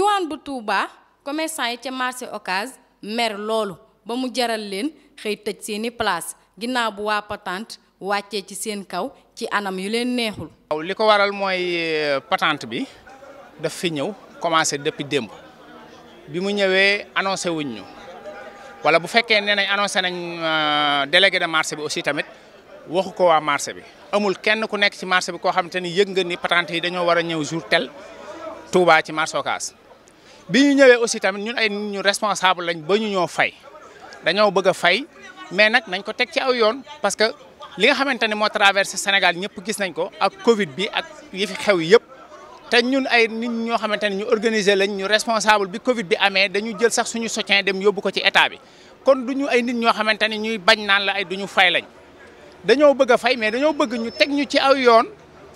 diwaan bu Touba commerçant yi ca marché Ocass mer loolu ba mu jaral leen xëy tëj seeni place ginaaw bu waa patant wàccee ci seen kaw ci anam yu leen neexul. waaw li ko waral mooy euh, patente bi daf fi ñëw commencé depuis démb bi mu ñëwee annoncé wuñ ñu wala bu fekkee nee nañ annoncé nañ euh, délégué de marché bi aussi tamit waxu ko waa marché bi. amul kenn ku nekk ci marché bi koo xamante ni yëg nga ni patente yi dañoo war a ñëw jour tel Touba ci marché Ocass bi ñu ñëwee aussi tamit ñun ay nit ñu responsable lañ ba ñu ñoo fay dañoo bëgg a fay mais nag nañ ko teg ci aw yoon parce que li nga xamante ne moo traversé Sénégal ñëpp gis nañ ko ak Covid bi ak yi fi xew yëpp te ñun ay nit ñoo xamante ne ñu organiser lañ ñu responsable bi Covid bi amee dañu jël sax suñu soutien dem yóbbu ko ci état bi kon du ñu ay nit ñoo xamante ne ñuy bañ naan la ay du ñu fay lañ dañoo bëgg fay mais dañoo bëgg ñu teg ñu ci aw yoon.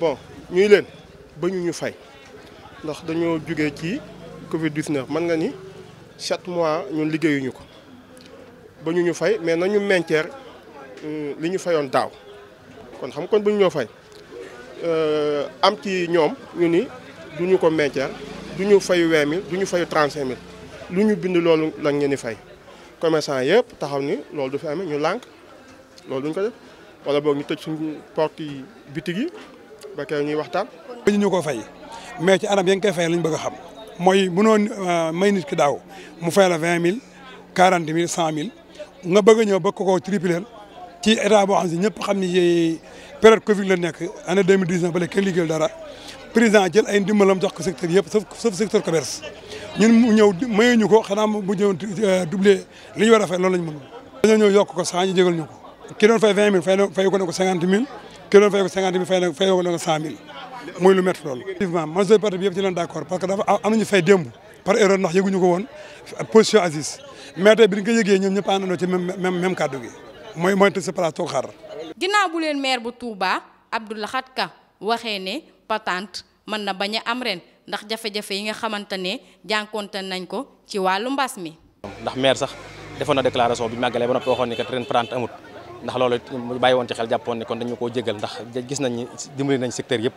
bon ñuy leen ba ñu ñu fay ndax dañoo jugee ci Covid 19 man nga ni chaque mois ñun liggéeyuñu ko ba ñu ñu fay mais nañu menteer euh, li ñu fayoon daaw kon xam kon bu ñu ñoo fay euh, am ci ñoom ñu ni duñu ko menteer duñu ñu fayu vingt mille du ñu fayu trente mille lu ñu bind loolu la ngeen di fay commerçant yëpp taxaw ni loolu du fi amee ñu lànk loolu duñ ko def wala boog ñu tëj suñu porte bitig yi ba keroog ñuy waxtaan. ñu ñu ko fay mais ci anam ya nga koy a xam mooy mënoo euh, may nit ki daaw mu la vingt mille quarante mille cent nga bëgg ñëw bëgg ko triplé ci état boo xam si ñëpp xam ni période Covid la nekk année deux mille dix neuf ba léegi kenn liggéeyul dara président jël ay ndimbalam jox ko secteur yëpp sauf sauf ñëw ko xanaa ñëw euh, a fay loolu lañ mënul. dañoo ñëw yokk ko saa ñu jégal ñu ko ki doon vingt mille fay ko ne ko cinquante mille. ki doon fay ko cinquante mille fay na fayoo ko doon cent mille muy lu métti loolu. effectivement majorité parti bi yëpp ci leen d' accord parce que dafa am nañu fay démb par erreur ndax yëguñu ko woon position Aziz mais tey bi ñu ko yëgee ñoom ñëpp àndandoo ci même même même kàddu gi mooy mooy te sa place toog xaar. ginnaaw bu leen maire bu Touba Abdou Lahad Ka waxee ne patente mën na bañ a am ren ndax jafe-jafe yi nga xamante ne jànkonte nañ ko ci wàllu mbas mi. ndax maire sax defoon na déclaration bi màggalee ba noppi waxoon ni kat ren patente amut. ndax loolu it bàyyi woon ci xel jàppoon ne kon dañu koo jégal ndax gis nañ ni dimbali nañ secteur yëpp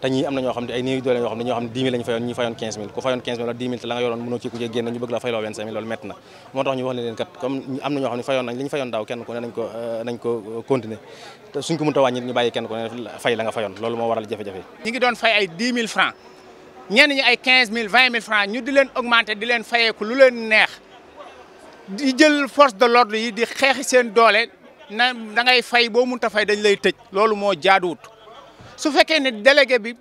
te ñii am na ñoo xam ne ay néew doole yoo xam ne ñoo xam ne 10 000 lañu fayoon ñi fayoon 15 000 ku fayoon 15 000 wala 10 000 te la nga yoroon ci ku je génn ñu bëgg la leen kat comme am na euh, euh, fay la fayoon loolu moo waral jafe-jafe ñi ngi doon fay ay 10 000 francs ñenn ñi ay 15 000 20 000 francs ñu di leen augmenter di leen fayeeku lu leen neex di jël force de l'ordre yi di xeexi seen doole na da fay boo mënta fay dañ lay tëj loolu moo jaaduwut su fekkee ne délégué bi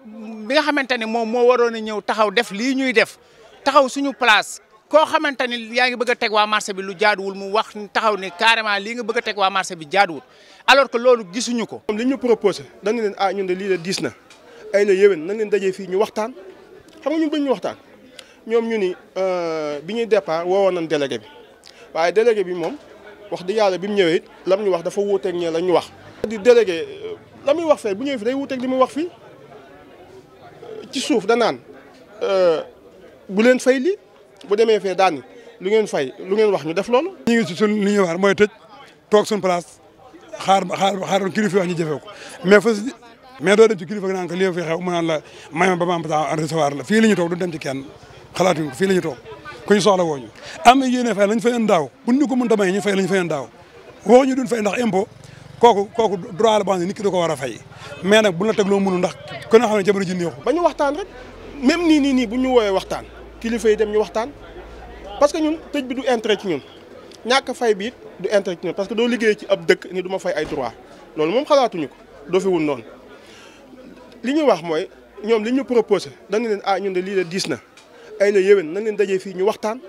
bi nga xamante ne moom moo waroon a ñëw taxaw def lii ñuy def taxaw suñu place koo xamante ni yaa ngi bëgg a teg waa marché bi lu jaaduwul mu wax taxaw ne carrément lii nga bëgg a teg waa marché bi jaaduwul alors que loolu gisuñu ko. li ñu proposé dañu leen ah ñun ne lii de diis na ay na yéwén nañ leen dajee fii ñu waxtaan xam nga ñun bañ ñu waxtaan ñoom ñu ni euh, bi ñuy départ woowoon nañ délégué bi waaye délégué bi moom wax dëgg yàlla bi mu ñëwee it lam ñu wax dafa wuuteeg ñee la ñu wax. la muy wax fee bu ñëwee fi day wuuteeg li muy wax fii ci suuf da naan euh, bu leen fay lii bu demee fee daan lu ngeen fay lu ngeen wax ñu def loolu. ñu ngi si suñ li ñuy war mooy tëj toog suñ place xaar xaar xaaroon kilifa wax ñu jëfee ko mais fa mais doo dem ci kilifa naan ko lii fi xew mu naan la may ma ba ma am temps recevoir la fii la ñu toog du dem ci kenn xalaatuñ ko fii la ñu toog kuy soxla woo ñu. am na yéene fay lañ fayoon daaw buñ ñu ko mënta may ñu fay lañ fayoon daaw waxuñu duñ fay ndax impôt. kooku kooku droit la boo xam ne ki da ko war a fay mais nag bu la teg loo mënul ndax ku ne xam ne jabar ji neexu ba ñu waxtaan rek même nii nii nii bu ñu woowee waxtaan kilifa yi dem ñu waxtaan parce que ñun tëj bi du intérêt ci ñun ñàkk fay bi du intérêt ci parce que doo liggéey ci ab dëkk ni du fay ay droit loolu moom xalaatuñu ko doo fi wun li ñuy wax mooy ñoom li ñu proposé dañu leen ah ñun de lii la diis na ay la yéwén nañ leen dajee fii ñu waxtaan.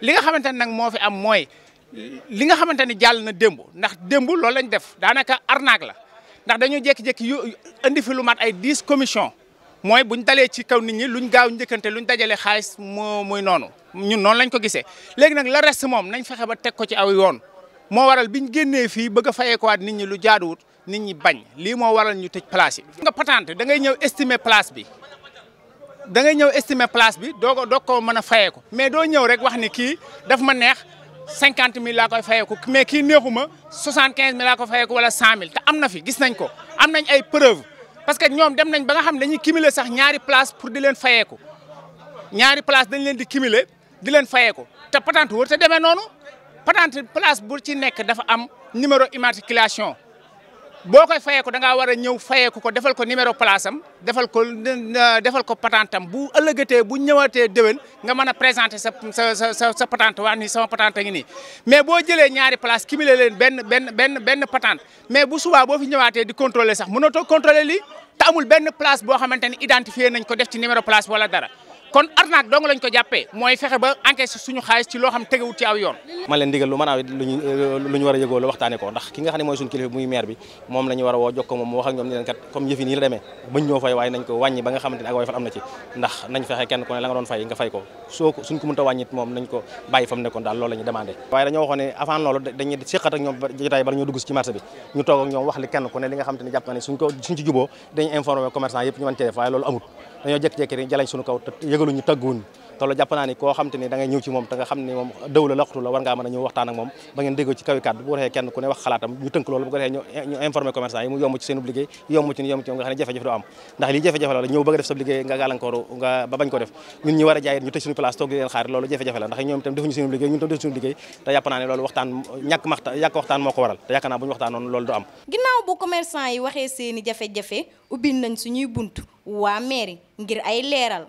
li nga xamante ne nag moo fi am mooy. li nga xamante ni jàll na démb ndax démb loolu lañ def daanaka arnaque la ndax dañu jékki-jékki yu fi lu mat ay dix commission mooy buñ dalee ci kaw nit ñi luñ gaaw njëkkante luñ dajale xaalis moo muy noonu ñun noonu lañ ko gisee. léegi nag la reste moom nañ fexe ba teg ko ci aw yoon moo waral bi ñu génnee fii bëgg a fayeekuwaat nit ñi lu jaaduwut nit ñi bañ lii moo waral ñu tej place yi. nga patente da ngay ñëw estimer place bi. da ngay ñëw estimer place bi doo ko doo ko mën a fayee ko mais doo ñëw rek wax ni kii daf ma neex. cinquante mille laa koy fayeeku mais kii neexuma soixante quinze mille laa koy fayeeku wala cent mille te am na fi gis nañ ko am nañ ay preuve parce que ñoom dem nañ ba nga xam dañuy cumuler sax ñaari place pour di leen fayeeku ñaari place dañ leen di cumuler di leen fayeeku te patente wër te demee noonu patente place bu ci nekk dafa am numéro immatriculation boo koy fayeeku da ngaa war a ñëw fayeeku ko defal ko numéro place am defal ko defal ko patente bu ëllëgatee bu ñëwaatee déwén nga mën a présenter sa sa sa sa patente wax ni sama patente ngi nii mais boo jëlee ñaari place cumulé leen benn benn benn benn patente mais bu subaa boo fi ñëwaatee di contrôler sax mënatoo contrôler lii te benn place boo xamante ni identifié nañ ko def ci numéro place wala dara kon arnaque dong lañ ko jàppee mooy fexe ba encaissé suñu xaalis ci loo xam tegewut ci aw yoon ma leen digal lu mën a luñu lu ñu war waxtaane ko ndax ki nga xam ne mooy suñu kilifa muy maire bi moom la ñu war a woo moom wax ak ñoom ni kat comme yëf yi la demee bañ ñoo fay nga fay ko suñ ko mënta moom nañ ko bàyyi fa mu nekkoon daal loolu la ñu waaye dañoo waxoon ne avant loolu dañuy ci marché bi ñu toog ñoom wax li kenn ku ne li yëgaluñu la a nga ko def ñun ñi war a jaay ñu tëj suñu place toog di leen xaar loolu jafe-jafe la ndax ñoom itam defuñu seen liggéey ñun itam loolu waxtaan am ginnaaw bu commerçant yi waxee seeni jafe-jafe ubbil nañ suñuy bunt waa mairie ngir ay leeral